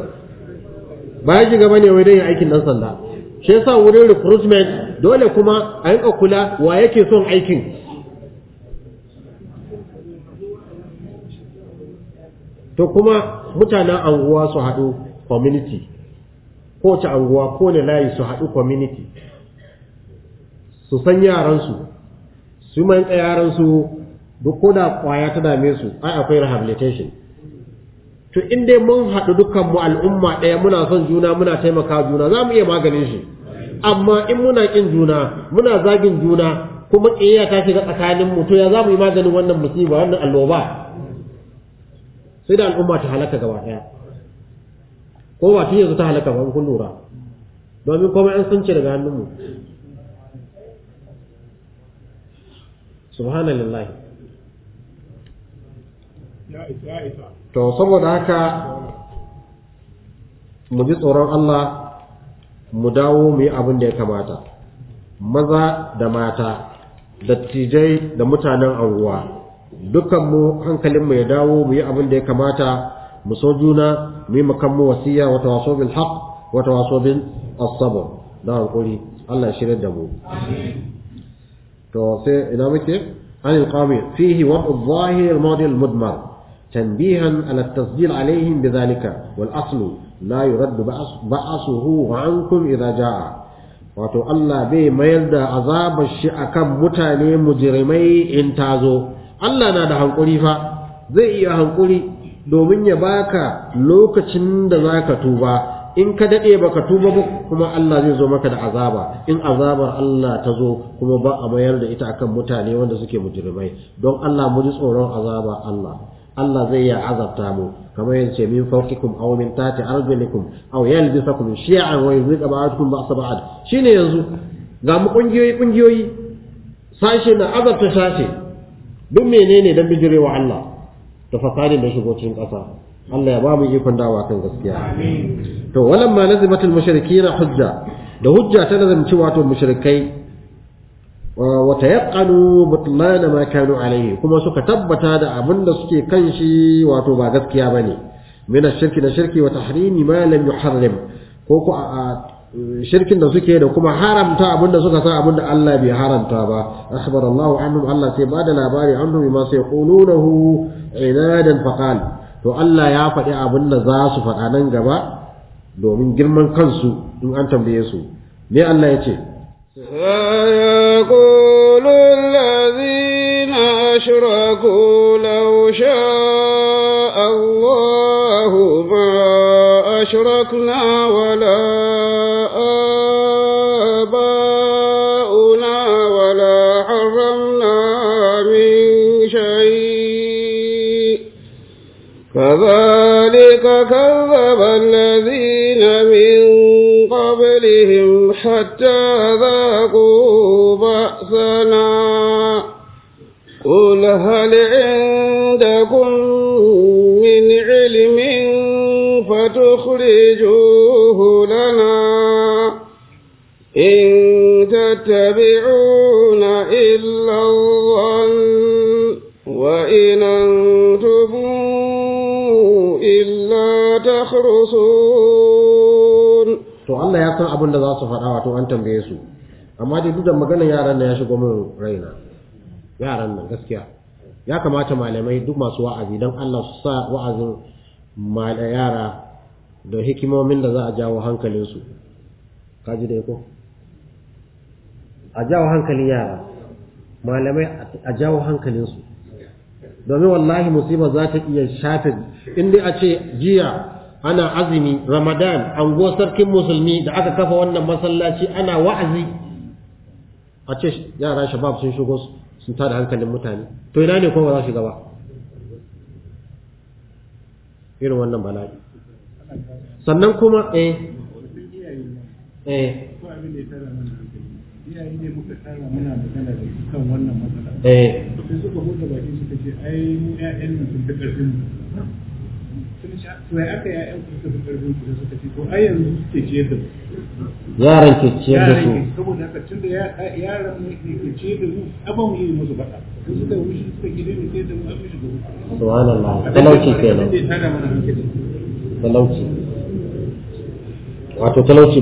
ba ya shiga bane wai don aikin ɗan sanda shi yasa wurin recruitment dole kuma a yanka kula wa yake son aikin to kuma mutanen anguwa su haɗu community kowace anguwa ne layi su haɗu community su san yaransu su man su duk koda ƙwaya kwaya ta dame su ai akwai rehabilitation to in dai mun haɗu dukkan mu al'umma ɗaya muna son juna muna taimaka juna za mu iya maganin shi amma in muna ƙin juna muna zagin juna kuma ƙiyayya ta shiga tsakanin mu to ya za mu yi maganin wannan musiba wannan alloba sai da al'umma ta halaka gaba ɗaya ko ba tun yanzu ta halaka ba kun lura domin kuma an sun ce daga hannunmu subhanallah ya isa isa to saboda haka mu ji tsoron Allah mu dawo mu yi abin da ya kamata maza da mata dattijai da mutanen anguwa dukkanmu mu ya dawo mu yi abin da ya kamata mu so juna mu yi makammu wasiya wata waso bil haq wata waso bil asabar da hankuri Allah shirya da mu to sai ina muke an ilqami fihi wad'u adh-dhahir al-madi al-mudmar تنبيها على التصدير عليهم بذلك والأصل لا يرد بأسه عنكم إذا جاء wato Allah bai mayar da azabar shi akan mutane mujrimai in tazo Allah na da hankuri fa zai iya hankuri domin ya baka lokacin da zaka tuba in ka dade baka tuba ba kuma Allah zai zo maka da azaba in azabar Allah ta zo kuma ba a mayar da ita akan mutane wanda suke mujrimai don Allah mu ji tsoron azaba Allah Allah zai ya azabta mu kamar yadda ce min fawqikum aw min tahti arjulikum aw yalbisakum shi'an wa yuzika ba'dukum ba'sa ba'd shine yanzu ga mu kungiyoyi kungiyoyi sashe na azabta sashe duk menene dan bijirewa Allah da fasadin da shigo cikin kasa Allah ya ba mu ikon dawa kan gaskiya amin to walamma nazibatul mushrikeena hujja da hujja ta nazamci wato mushrikai suka tabbata da abinda suke كما سوك تبت هذا أبن سكي كنشي واتوبا غسكيا shirki من الشرك للشرك وتحريم ما لم يحرم كوكو shirkin da suke da kuma haramta abinda suka sa abinda Allah bai haramta ba akhbar Allah anhum Allah sai bada labari anhum bima sai qulunahu inadan faqal to Allah ya faɗi abinda za su faɗa nan gaba domin girman kansu in an tambaye su me Allah ya ce سيقول الذين أشركوا لو شاء الله ما أشركنا ولا آباؤنا ولا حرمنا من شيء كذلك كذلك كذب الذين من قبلهم حتى ذاقوا بأسنا قل هل عندكم من علم فتخرجوه لنا إن تتبعون إلا الظن وإن أنتم إلا تخرصون to Allah ya san abin da za su faɗa wato an tambaye su amma dai duk da maganar yaran nan ya raina yaran gaskiya ya kamata malamai duk masu wa'azi don Allah su sa wa'azin yara da hikimomin da za a jawo hankalinsu kaji dai ko a jawo hankalin yara malamai a jawo hankalinsu domin wallahi musiba za ta iya shafin in dai a ce jiya ana azumi ramadan ango sarkin musulmi da aka kafa wannan masallaci ana wa'azi a ce yara shabab sun shigo sun tada hankalin mutane to ina ne kuma ba za su gaba? irin wannan bala'i sannan kuma eh eh ne muka tsara muna magana da kan wannan matsala eh في سوبر هو تبغى تمشي في شيء اي مؤائل مثل في البرفيوم سبحان الله تلوشي تلوشي تلوشي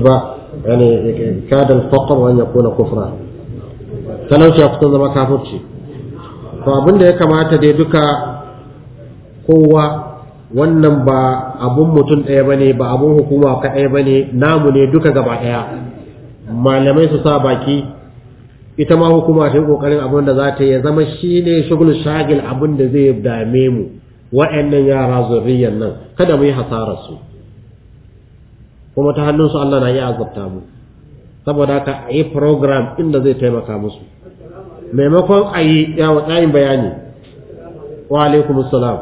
يعني كاد الفقر وان يكون كفرا تلوشي اقصد ما كافرشي to abin da ya kamata dai duka kowa wannan ba abun mutum ɗaya ba ba abun hukuma kaɗai ba ne namu ne duka gaba ɗaya malamai su sa baki ita ma hukuma ta yi ƙoƙarin abin da za ta ya zama shi ne shugul shagil abin da zai dame mu wa'annan yara zurriyar nan kada mu yi su kuma ta hannunsu Allah na iya azabta mu saboda haka a yi program inda zai taimaka musu maimakon a yi yawon ɗayin bayani wa alaikum salam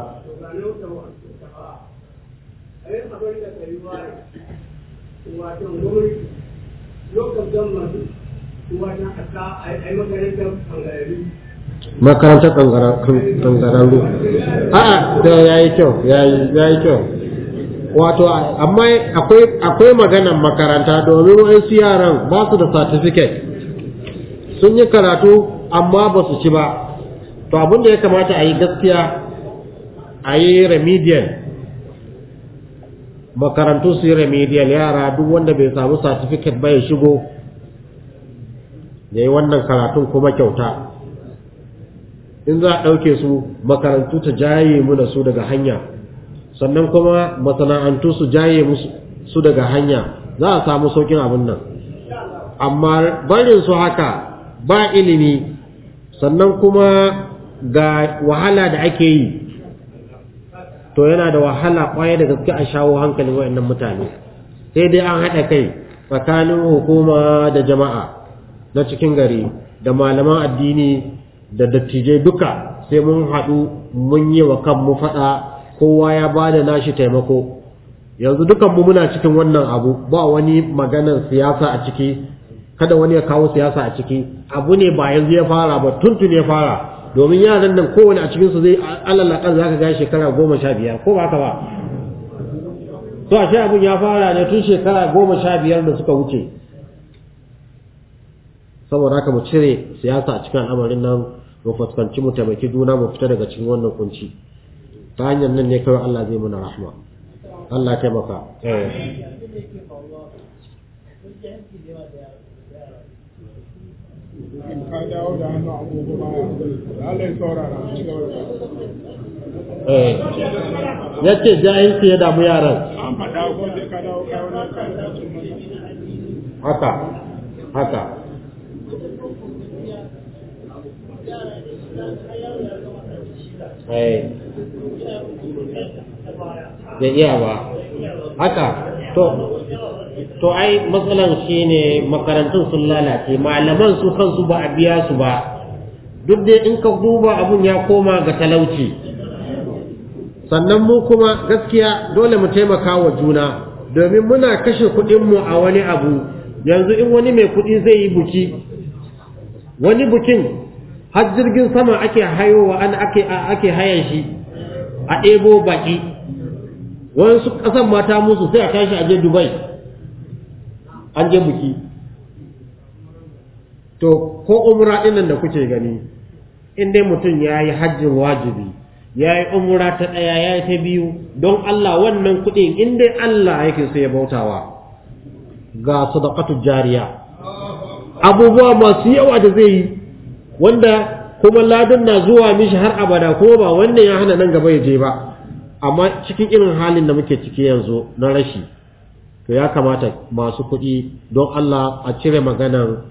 makarantar kangararru a'a da ya yi kyau ya yi kyau wato amma akwai maganan makaranta domin wasu yaran ba su da certificate sun yi karatu amma ba su ci ba to abin da ya kamata a yi gaskiya a yi remedial makarantu su yi remedial yara duk wanda bai samu certificate ba ya shigo ya yi wannan karatun kuma kyauta in za a ɗauke su makarantu ta jaye muna su daga hanya sannan kuma masana'antu su jaye su daga hanya za a samu saukin abin nan amma barin su haka ba ilimi sannan kuma ga wahala da ake yi to yana da wahala kwaya da gaske a shawo hankalin wayannan mutane sai dai an haɗa kai tsakanin hukuma da jama'a na cikin gari da malaman addini da dattijai duka sai mun haɗu mun yi wa kanmu faɗa kowa ya ba da nashi taimako yanzu dukanmu muna cikin wannan abu ba wani maganar siyasa a ciki kada wani ya kawo siyasa a ciki abu ne ba yanzu ya fara ba tuntun ya fara domin yaran nan kowane a cikinsu zai kan za ka gaya shekara goma sha biyar ko ba ka ba to a shi abin ya fara ne tun shekara goma sha biyar da suka wuce saboda haka mu cire siyasa a cikin al'amarin nan mu fuskanci mu taimaki juna mu fita daga cikin wannan kunci ta hanyar nan ne kawai Allah zai muna rahama. Allah taimaka eh Eh, ya ce jahilci ya damu yaran haka haka ya eh. iya ba haka to to ai matsalan shine makarantun sun lalace malaman su kansu ba a biya su ba duk da in ka duba abun ya koma ga talauci sannan mu kuma gaskiya dole mu taimaka wa juna domin muna kashe kuɗinmu a wani abu yanzu in wani mai kuɗi zai yi buki wani bukin har jirgin sama ake hayowa an ake hayan shi a ɗebo baki wasu ƙasan mata musu sai a tashi a je dubai an je buki to ko umra dinnan da kuke gani in dai mutum ya yi hajjin wajibi ya yi umra ta ɗaya ya yi ta biyu don Allah wannan kuɗin in dai Allah yake so ya bautawa ga sadaqatu jariya abubuwa masu yawa da zai yi wanda kuma ladin na zuwa mishi har abada ko ba wannan ya hana nan gaba ya je ba amma cikin irin halin da muke ciki yanzu na rashi to ya kamata masu kuɗi don Allah a cire maganan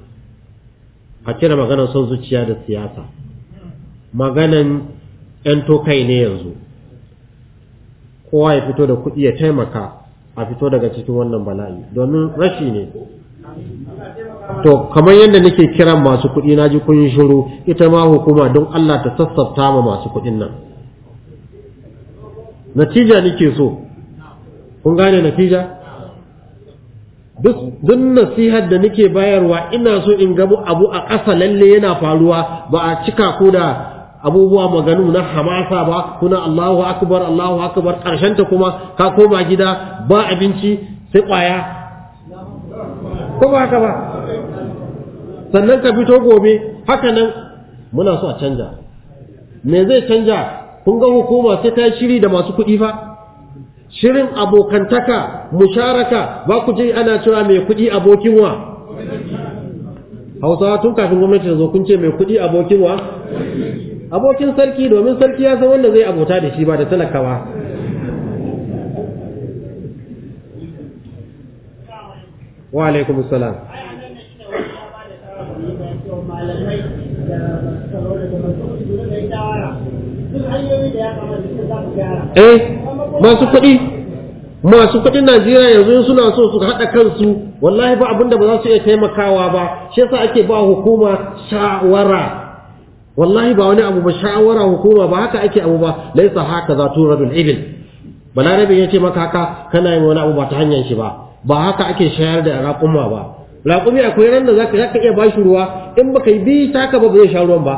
a cire maganan son zuciya da siyasa maganan ‘yan tokai ne yanzu kowa ya fito da kuɗi ya taimaka a fito daga cikin wannan bala'i domin rashi ne to kamar yadda nake kiran masu kuɗi na ji kun shiru ita ma hukuma don Allah ta sassafta ma masu kuɗin nan natija nake so kun gane natija duk nasihar da nake bayarwa ina so in ga abu a ƙasa lalle yana faruwa ba a cika ko da abubuwa maganu na hamasa ba kuna Allahu akbar Allahu akbar karshen ta kuma ka koma gida ba abinci sai kwaya ko ba haka ba sannan ka fito gobe haka nan muna so a canja me zai canja kun ga hukuma sai ta shiri da masu kuɗi fa shirin abokantaka musharaka ba ku je ana cewa mai kuɗi abokin wa hausawa tun kafin gwamnati da zo kun ce mai kuɗi abokin wa abokin sarki domin sarki ya san wanda zai abota da shi ba da talakawa wa alaikum salam eh masu kuɗi masu kuɗin Najeriya yanzu suna so su haɗa kansu wallahi ba da ba za su iya taimakawa ba shi yasa ake ba hukuma shawara wallahi ba wani abu ba shawara hukuma ba haka ake abu ba laisa haka za turadul ibil balarabe ya ce maka haka kana yin wani abu ba ta hanyar shi ba ba haka ake shayar da raƙuma ba raƙumi akwai ran da za ka iya shi ruwa in baka yi bi taka ba zai sha ruwan ba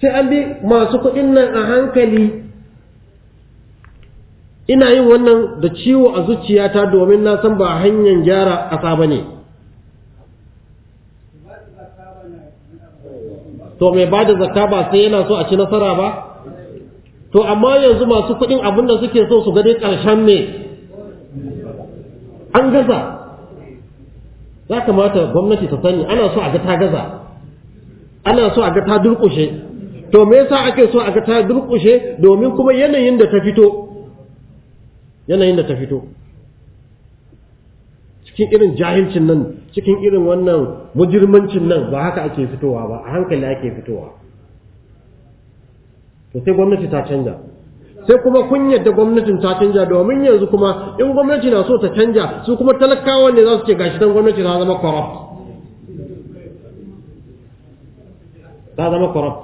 sai an bi masu kuɗin nan a hankali ina yin wannan da ciwo a zuciyata domin na san ba hanyar gyara ƙasa ba ne to mai ba da zakka ba sai yana so a ci nasara ba to amma yanzu masu kuɗin abunda suke so su gani ƙarshen ne. an gaza ya kamata gwamnati ta sani ana so a ga gaza ana so a ga ta durƙushe to me yasa ake so a ga ta durƙushe domin kuma yanayin da ta fito yanayin da ta fito cikin irin jahilcin nan cikin irin wannan mujirmancin nan ba haka ake fitowa ba a hankali ake fitowa to sai gwamnati ta canja sai kuma kun yadda gwamnatin ta canja domin yanzu kuma in gwamnati na so ta canja su kuma talakawa ne za su ce gashi dan gwamnati ta zama corrupt ta zama corrupt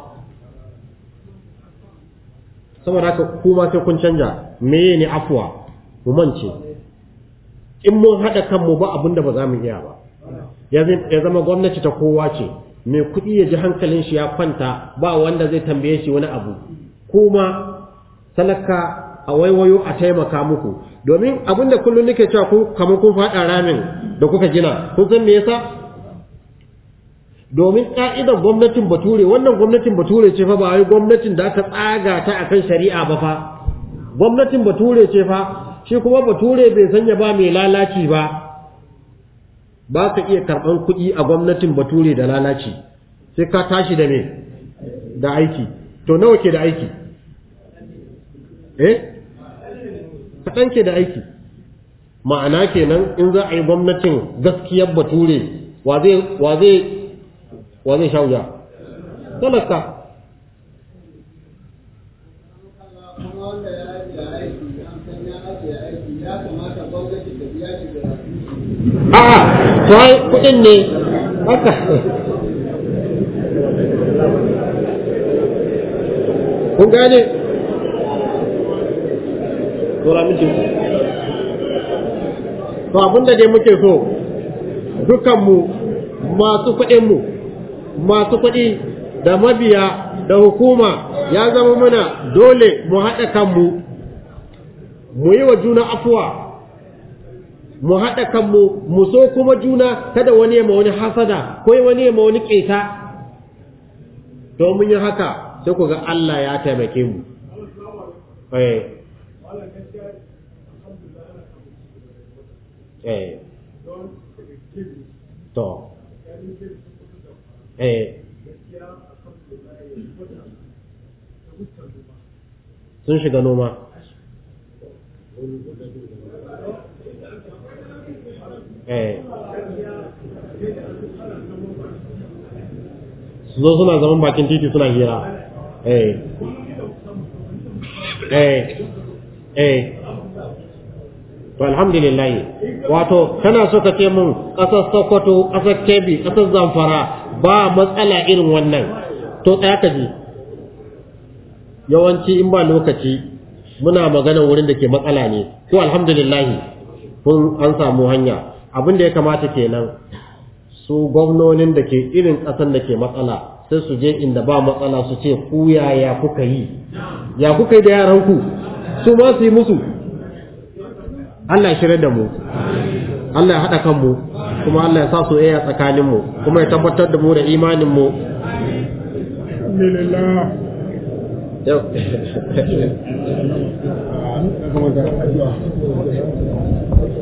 saboda haka kuma sai kun canja meye ne afuwa mu mance in mun haɗa kanmu ba abin da ba za mu iya ba ya zama gwamnati ta kowa ce mai kuɗi ya ji hankalin shi ya kwanta ba wanda zai tambaye shi wani abu kuma talaka a waiwayo a taimaka muku domin abin da kullum nake cewa ku kamar kun fada ramin da kuka gina kun san me yasa domin ƙa'idar gwamnatin bature wannan gwamnatin bature ce fa ba wai gwamnatin da aka tsaga ta akan shari'a ba fa gwamnatin bature ce fa shi kuma bature bai sanya ba mai lalaci ba ba ka iya karɓar kuɗi a gwamnatin bature da lalaci sai ka tashi da me da aiki to nawa ke da aiki eh kaɗan ke da aiki ma'ana kenan in za a yi gwamnatin gaskiyar bature wa zai sha wuya talaka a'a to ai kuɗin ne haka kun gane to abinda dai muke so dukanmu masu kuɗinmu masu kuɗi da mabiya da hukuma ya zama mana dole mu haɗa kanmu mu yi wa juna afuwa mu haɗa kanmu mu so kuma juna kada wani ya ma wani hasada ko wani ya ma wani ƙeta to mun yi haka sai ku ga Allah ya taimake mu eh. Eh. Eh. sun shiga noma Eh. su zo suna zaman bakin titi suna hira eh, eh. eh. to alhamdulillah wato kana so ka ce mun kasar Sokoto kasar Kebbi kasar Zamfara ba matsala irin wannan to tsaya ka ji yawanci in ba lokaci muna magana wurin da ke matsala ne to alhamdulillahi kun an samu hanya abin da ya kamata kenan su gwamnonin da ke irin ƙasan da ke matsala sai su je inda ba matsala su ce ku ya, kuka yi ya kuka yi da yaranku su ma su yi musu Allah ya shirya da mu Allah ya haɗa kan mu, kuma Allah ya sa su iya mu, kuma ya tabbatar da mu da imanin mu.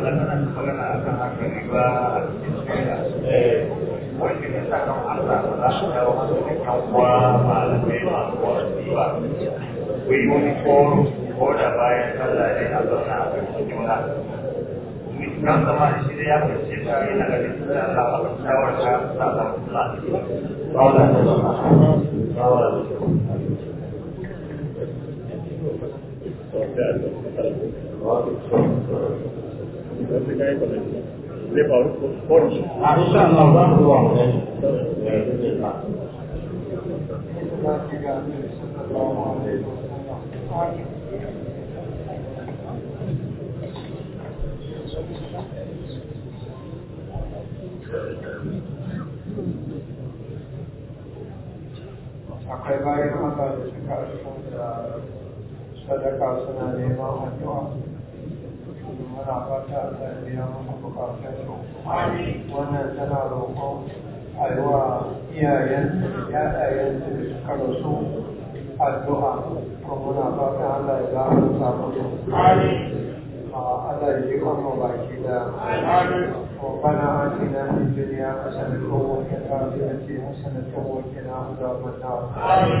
p e l a Thank you. Akaibai hata da shekara da sadaka suna neman addu'a منعك إليها محبك كافر وأنا تنال قوم أيوا يا ين يا أين كرسو الدعاء ومنعك على إله سابق على يجيكم وباكيدا ربنا آتنا في الدنيا حسنة وفي الآخرة حسنة وقنا عذاب النار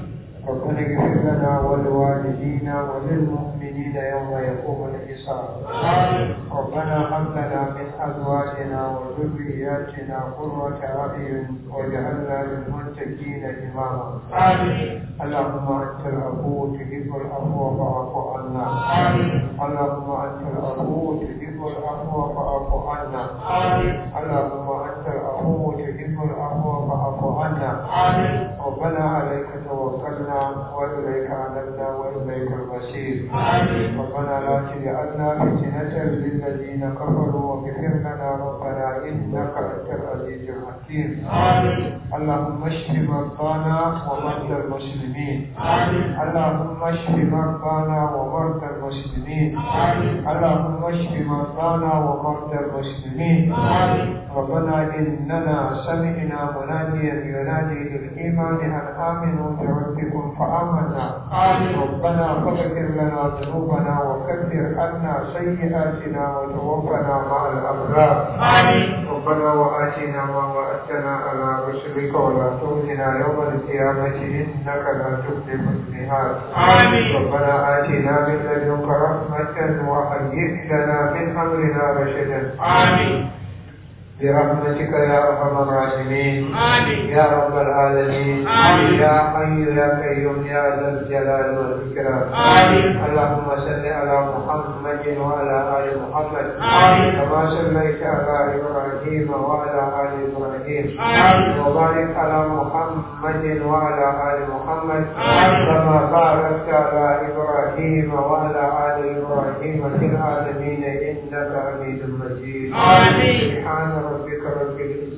ربنا اغفر لنا ولوالدينا وللمؤمنين يوم يقوم الحساب ربنا هب لنا من ازواجنا وذرياتنا قرة اعين واجعلنا للمتقين اماما اللهم انت العفو تحب العفو فاعف عنا اللهم انت العفو تحب العفو فاعف عنا اللهم انت العفو تحب العفو فاعف عنا ربنا عليك إليك أنبنا وإليك المصير ربنا لا تجعلنا فتنة للذين كفروا واغفر لنا ربنا إنك أنت العزيز الحكيم اللهم اشف مرضانا ومرضى المسلمين اللهم اشف مرضانا ومرضى المسلمين على اشف مرضانا ومرضى المسلمين ربنا اننا سمعنا مناديا ينادي للايمان ان امنوا بربكم فامنا ربنا فاغفر لنا ذنوبنا وكفر عنا سيئاتنا وتوفنا مع الابرار ربنا واتنا ما وعدتنا حقنا على رسلك ولا تؤذنا يوم القيامة إنك لا تخلف النهار ربنا آتنا من لدنك رحمة وهيئ لنا من أمرنا رشدا آمين برحمتك يا ارحم الراحمين يا رب العالمين يا حي يا قيوم يا ذا الجلال والاكرام اللهم صل على محمد وعلى ال محمد كما صليت على ابراهيم وعلى ال ابراهيم وبارك على محمد وعلى ال محمد كما باركت على ابراهيم وعلى ال ابراهيم في العالمين انك حميد مجيد امين